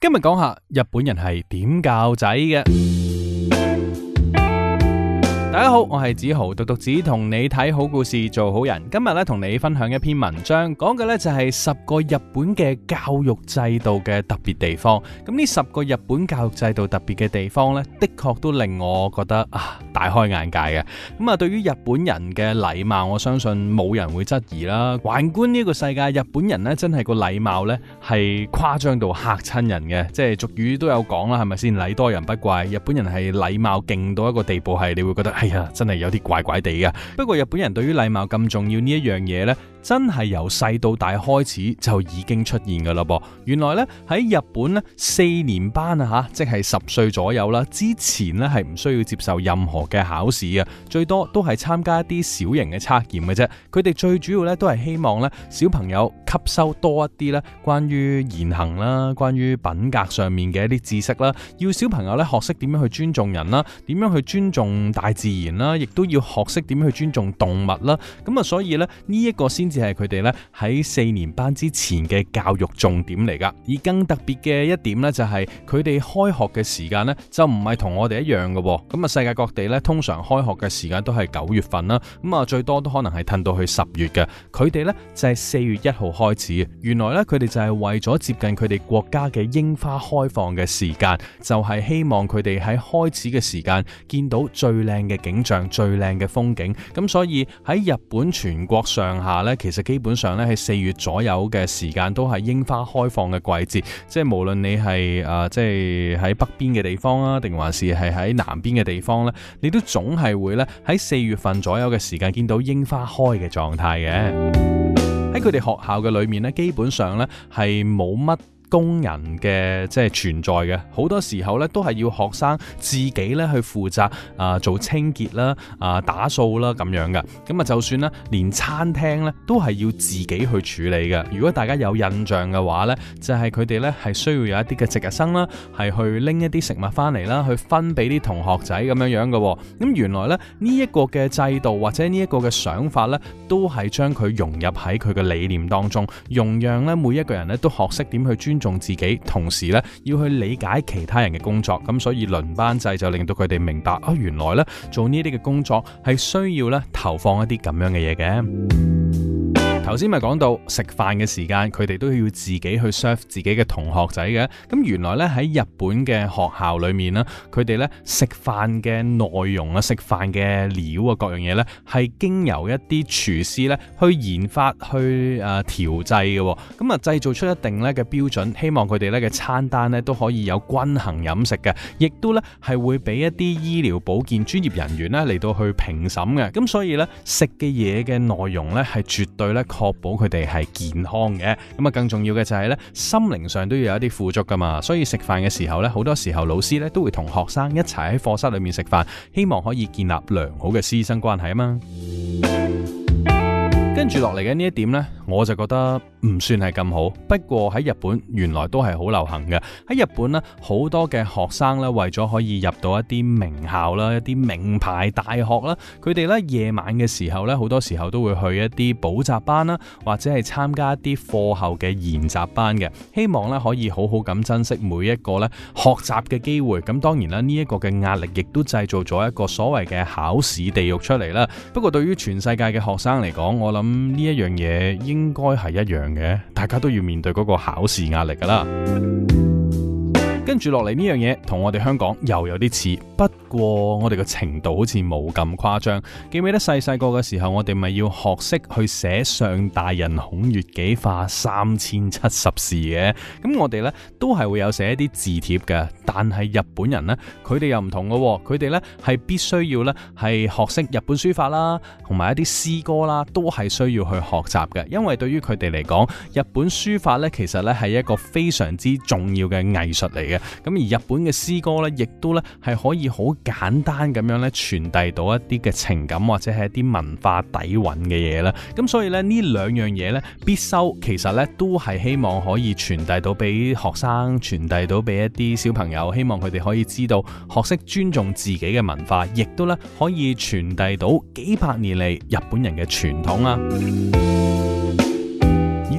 今日講下日本人係點教仔嘅。大家好，我係梓豪，獨讀子，同你睇好故事做好人。今日咧同你分享一篇文章，講嘅咧就係十個日本嘅教育制度嘅特別地方。咁呢十個日本教育制度特別嘅地方咧，的確都令我覺得啊大開眼界嘅。咁啊，對於日本人嘅禮貌，我相信冇人會質疑啦。環觀呢個世界，日本人咧真係個禮貌咧係誇張到嚇親人嘅，即係俗語都有講啦，係咪先？禮多人不怪。日本人係禮貌勁到一個地步，係你會覺得真係有啲怪怪地㗎， 不過日本人對於禮貌咁重要呢一樣嘢呢。真係由細到大開始就已經出現噶啦噃，原來呢，喺日本呢，四年班啊吓，即係十歲左右啦，之前呢，係唔需要接受任何嘅考試嘅，最多都係參加一啲小型嘅測驗嘅啫。佢哋最主要呢，都係希望呢，小朋友吸收多一啲呢，關於言行啦，關於品格上面嘅一啲知識啦，要小朋友呢，學識點樣去尊重人啦，點樣去尊重大自然啦，亦都要學識點去尊重動物啦。咁啊，所以呢，呢一個先。先至係佢哋咧喺四年班之前嘅教育重點嚟噶，而更特別嘅一點呢、就是，就係佢哋開學嘅時間呢，就唔係同我哋一樣嘅，咁啊世界各地呢，通常開學嘅時間都係九月份啦，咁啊最多都可能係褪到去十月嘅，佢哋呢，就係四月一號開始。原來呢，佢哋就係為咗接近佢哋國家嘅櫻花開放嘅時間，就係、是、希望佢哋喺開始嘅時間見到最靚嘅景象、最靚嘅風景。咁所以喺日本全國上下呢。其實基本上咧喺四月左右嘅時間都係櫻花開放嘅季節，即係無論你係誒即係喺北邊嘅地方啊，定還是係喺南邊嘅地方呢，你都總係會咧喺四月份左右嘅時間見到櫻花開嘅狀態嘅。喺佢哋學校嘅裏面呢，基本上呢係冇乜。工人嘅即係存在嘅，好多時候咧都係要學生自己咧去負責啊、呃、做清潔、呃、啦、啊打掃啦咁樣嘅。咁啊，就算咧連餐廳咧都係要自己去處理嘅。如果大家有印象嘅話咧，就係佢哋咧係需要有一啲嘅值日生啦，係去拎一啲食物翻嚟啦，去分俾啲同學仔咁樣樣嘅、哦。咁原來咧呢一個嘅制度或者呢一個嘅想法咧，都係將佢融入喺佢嘅理念當中，容讓咧每一個人咧都學識點去尊。重自己，同時咧要去理解其他人嘅工作，咁所以輪班制就令到佢哋明白啊，原來咧做呢啲嘅工作係需要咧投放一啲咁樣嘅嘢嘅。頭先咪講到食飯嘅時間，佢哋都要自己去 serve 自己嘅同學仔嘅。咁原來呢，喺日本嘅學校裏面呢，佢哋呢食飯嘅內容啊、食飯嘅料啊、各樣嘢呢，係經由一啲廚師呢去研發、去誒調製嘅。咁啊製造出一定呢嘅標準，希望佢哋呢嘅餐單呢都可以有均衡飲食嘅，亦都呢，係會俾一啲醫療保健專業人員呢嚟到去評審嘅。咁所以呢，食嘅嘢嘅內容呢，係絕對呢，確保佢哋係健康嘅，咁啊更重要嘅就係呢，心靈上都要有一啲富足噶嘛。所以食飯嘅時候呢，好多時候老師呢都會同學生一齊喺課室裏面食飯，希望可以建立良好嘅師生關係啊嘛。跟住落嚟嘅呢一點呢，我就覺得唔算係咁好。不過喺日本原來都係好流行嘅。喺日本呢，好多嘅學生呢，為咗可以入到一啲名校啦、一啲名牌大學啦，佢哋呢夜晚嘅時候呢，好多時候都會去一啲補習班啦，或者係參加一啲課後嘅研習班嘅，希望呢，可以好好咁珍惜每一個呢學習嘅機會。咁當然啦，呢一個嘅壓力亦都製造咗一個所謂嘅考試地獄出嚟啦。不過對於全世界嘅學生嚟講，我諗。咁呢、嗯、一樣嘢應該係一樣嘅，大家都要面對嗰個考試壓力㗎喇。跟住落嚟呢樣嘢，同我哋香港又有啲似。不過、哦、我哋嘅程度好似冇咁誇張，記唔記得細細個嘅時候，我哋咪要學識去寫《上大人孔乙己》化三千七十字嘅？咁我哋呢都係會有寫一啲字帖嘅。但係日本人呢，佢哋又唔同嘅、哦，佢哋呢係必須要呢係學識日本書法啦，同埋一啲詩歌啦，都係需要去學習嘅。因為對於佢哋嚟講，日本書法呢其實呢係一個非常之重要嘅藝術嚟嘅。咁而日本嘅詩歌呢，亦都呢係可以好簡單咁樣咧，傳遞到一啲嘅情感或者係一啲文化底蘊嘅嘢啦。咁所以咧，呢兩樣嘢咧，必修，其實咧都係希望可以傳遞到俾學生，傳遞到俾一啲小朋友，希望佢哋可以知道學識尊重自己嘅文化，亦都咧可以傳遞到幾百年嚟日本人嘅傳統啊。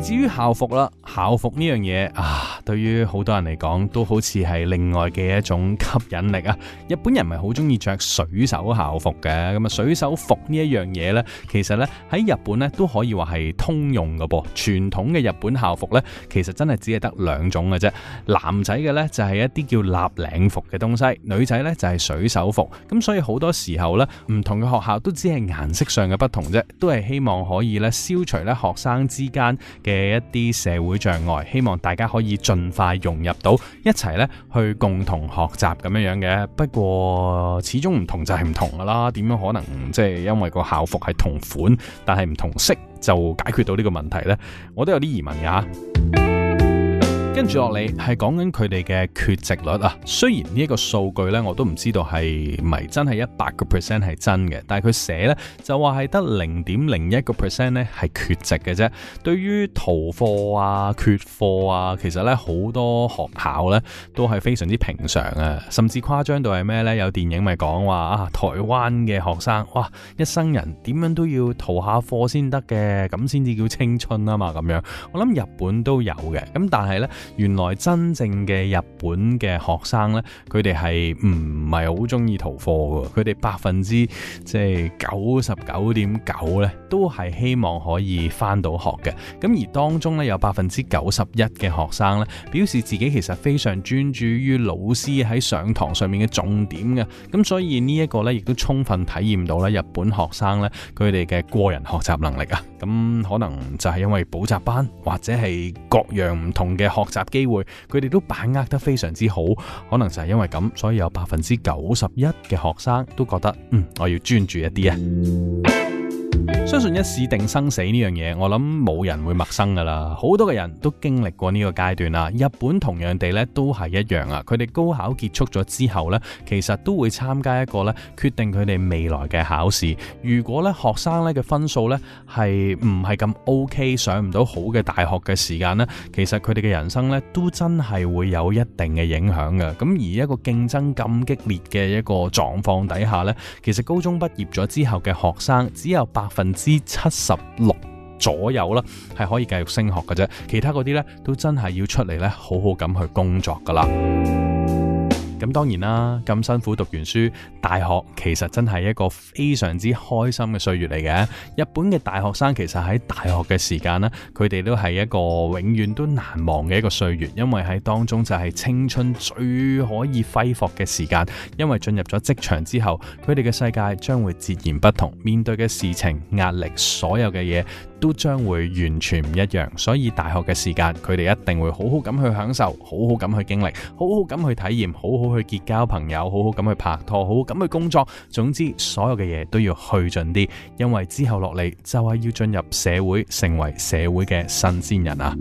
至於校服啦，校服呢樣嘢啊，對於好多人嚟講都好似係另外嘅一種吸引力啊！日本人咪好中意着水手校服嘅，咁啊水手服呢一樣嘢呢，其實呢，喺日本咧都可以話係通用嘅噃。傳統嘅日本校服呢，其實真係只係得兩種嘅啫。男仔嘅呢，就係、是、一啲叫立領服嘅東西，女仔呢，就係、是、水手服。咁所以好多時候呢，唔同嘅學校都只係顏色上嘅不同啫，都係希望可以咧消除呢學生之間嘅嘅一啲社會障礙，希望大家可以盡快融入到一齊咧，去共同學習咁樣樣嘅。不過始終唔同就係唔同噶啦，點樣可能即係因為個校服係同款，但係唔同色就解決到呢個問題呢？我都有啲疑問㗎。跟住落嚟係講緊佢哋嘅缺席率啊，雖然呢一個數據呢，我都唔知道係咪真係一百個 percent 係真嘅，但係佢寫呢就話係得零點零一個 percent 呢係缺席嘅啫。對於逃課啊、缺課啊，其實呢好多學校呢都係非常之平常啊，甚至誇張到係咩呢？有電影咪講話啊，台灣嘅學生哇，一生人點樣都要逃下課先得嘅，咁先至叫青春啊嘛咁樣。我諗日本都有嘅，咁但係呢。原來真正嘅日本嘅學生咧，佢哋係唔係好中意逃課㗎？佢哋百分之即係九十九點九咧，都係希望可以返到學嘅。咁而當中咧有百分之九十一嘅學生咧，表示自己其實非常專注於老師喺上堂上面嘅重點嘅。咁所以呢一個呢，亦都充分體驗到咧，日本學生咧佢哋嘅個人學習能力啊。咁可能就係因為補習班或者係各樣唔同嘅學習。機會，佢哋都把握得非常之好，可能就係因為咁，所以有百分之九十一嘅學生都覺得，嗯，我要專注一啲啊。相信一試定生死呢樣嘢，我諗冇人會陌生噶啦，好多嘅人都經歷過呢個階段啦。日本同樣地咧都係一樣啊，佢哋高考結束咗之後咧，其實都會參加一個咧決定佢哋未來嘅考試。如果咧學生咧嘅分數咧係唔係咁 OK，上唔到好嘅大學嘅時間呢，其實佢哋嘅人生咧都真係會有一定嘅影響㗎。咁而一個競爭咁激烈嘅一個狀況底下咧，其實高中畢業咗之後嘅學生只有百分之七十六左右啦，係可以繼續升學嘅啫，其他嗰啲呢，都真係要出嚟呢，好好咁去工作噶啦。咁當然啦，咁辛苦讀完書，大學其實真係一個非常之開心嘅歲月嚟嘅。日本嘅大學生其實喺大學嘅時間呢，佢哋都係一個永遠都難忘嘅一個歲月，因為喺當中就係青春最可以揮霍嘅時間。因為進入咗職場之後，佢哋嘅世界將會截然不同，面對嘅事情、壓力，所有嘅嘢，都將會完全唔一樣，所以大學嘅時間，佢哋一定會好好咁去享受，好好咁去經歷，好好咁去體驗，好好去結交朋友，好好咁去拍拖，好好咁去工作。總之，所有嘅嘢都要去盡啲，因為之後落嚟就係要進入社會，成為社會嘅新鮮人啊！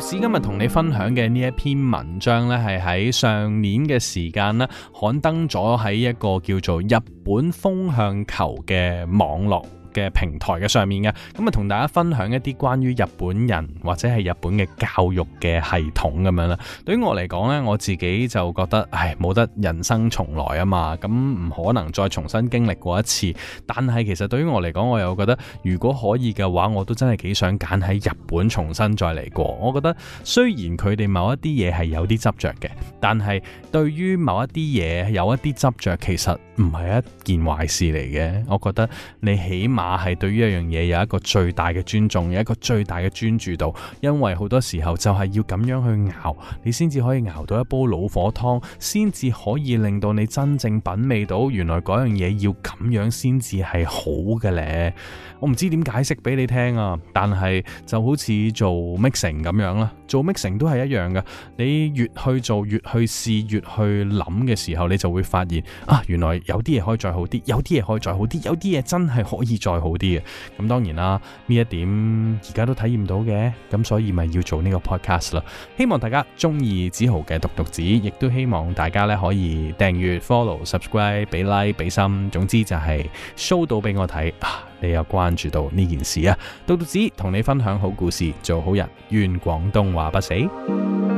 今日同你分享嘅呢一篇文章咧，係喺上年嘅時間咧，刊登咗喺一個叫做《日本風向球》嘅網絡。嘅平台嘅上面嘅，咁啊同大家分享一啲關於日本人或者係日本嘅教育嘅系統。咁樣啦。對於我嚟講咧，我自己就覺得，唉，冇得人生重來啊嘛，咁唔可能再重新經歷過一次。但係其實對於我嚟講，我又覺得如果可以嘅話，我都真係幾想揀喺日本重新再嚟過。我覺得雖然佢哋某一啲嘢係有啲執着嘅，但係對於某一啲嘢有一啲執着其實唔係一件壞事嚟嘅。我覺得你起碼。嘛，係對於一樣嘢有一個最大嘅尊重，有一個最大嘅專注度，因為好多時候就係要咁樣去熬，你先至可以熬到一煲老火湯，先至可以令到你真正品味到原來樣嘢要咁樣先至係好嘅咧。我唔知點解釋俾你聽啊，但係就好似做 mixing 咁樣啦，做 mixing 都係一樣嘅。你越去做，越去試，越去諗嘅時候，你就會發現啊，原來有啲嘢可以再好啲，有啲嘢可以再好啲，有啲嘢真係可以再。再好啲嘅，咁當然啦，呢一點而家都體驗到嘅，咁所以咪要做呢個 podcast 啦。希望大家鍾意梓豪嘅獨讀子，亦都希望大家呢可以訂閱、follow、subscribe、俾 like、俾心，總之就係 show 到俾我睇啊！你又關注到呢件事啊。獨讀子同你分享好故事，做好人，願廣東話不死。